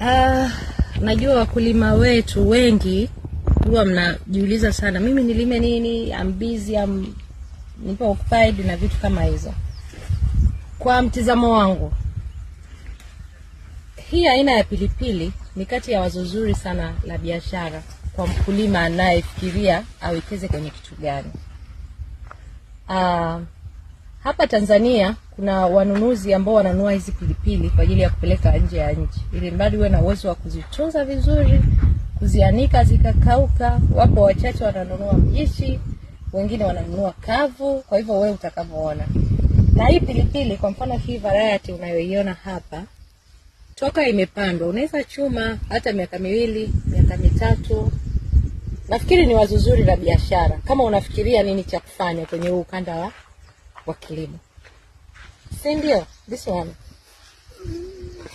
Uh, najua wakulima wetu wengi huwa mnajiuliza sana, mimi nilime nini? I'm busy, I'm nipo occupied na vitu kama hizo. Kwa mtizamo wangu, hii aina ya pilipili ni kati ya wazo zuri sana la biashara kwa mkulima anayefikiria awekeze kwenye kitu gani. Uh, hapa Tanzania kuna wanunuzi ambao wananua hizi pilipili kwa ajili ya kupeleka nje ya nchi, ili mradi uwe na uwezo wa kuzitunza vizuri, kuzianika zikakauka. Wapo wachache wananunua mbichi, wengine wananunua kavu. Kwa hivyo wewe utakavyoona. Na hii pilipili kwa mfano hii variety unayoiona hapa, toka imepandwa unaweza chuma hata miaka miwili, miaka mitatu. Nafikiri ni wazo zuri la biashara, kama unafikiria nini cha kufanya kwenye huu ukanda wa com aquilo. Sem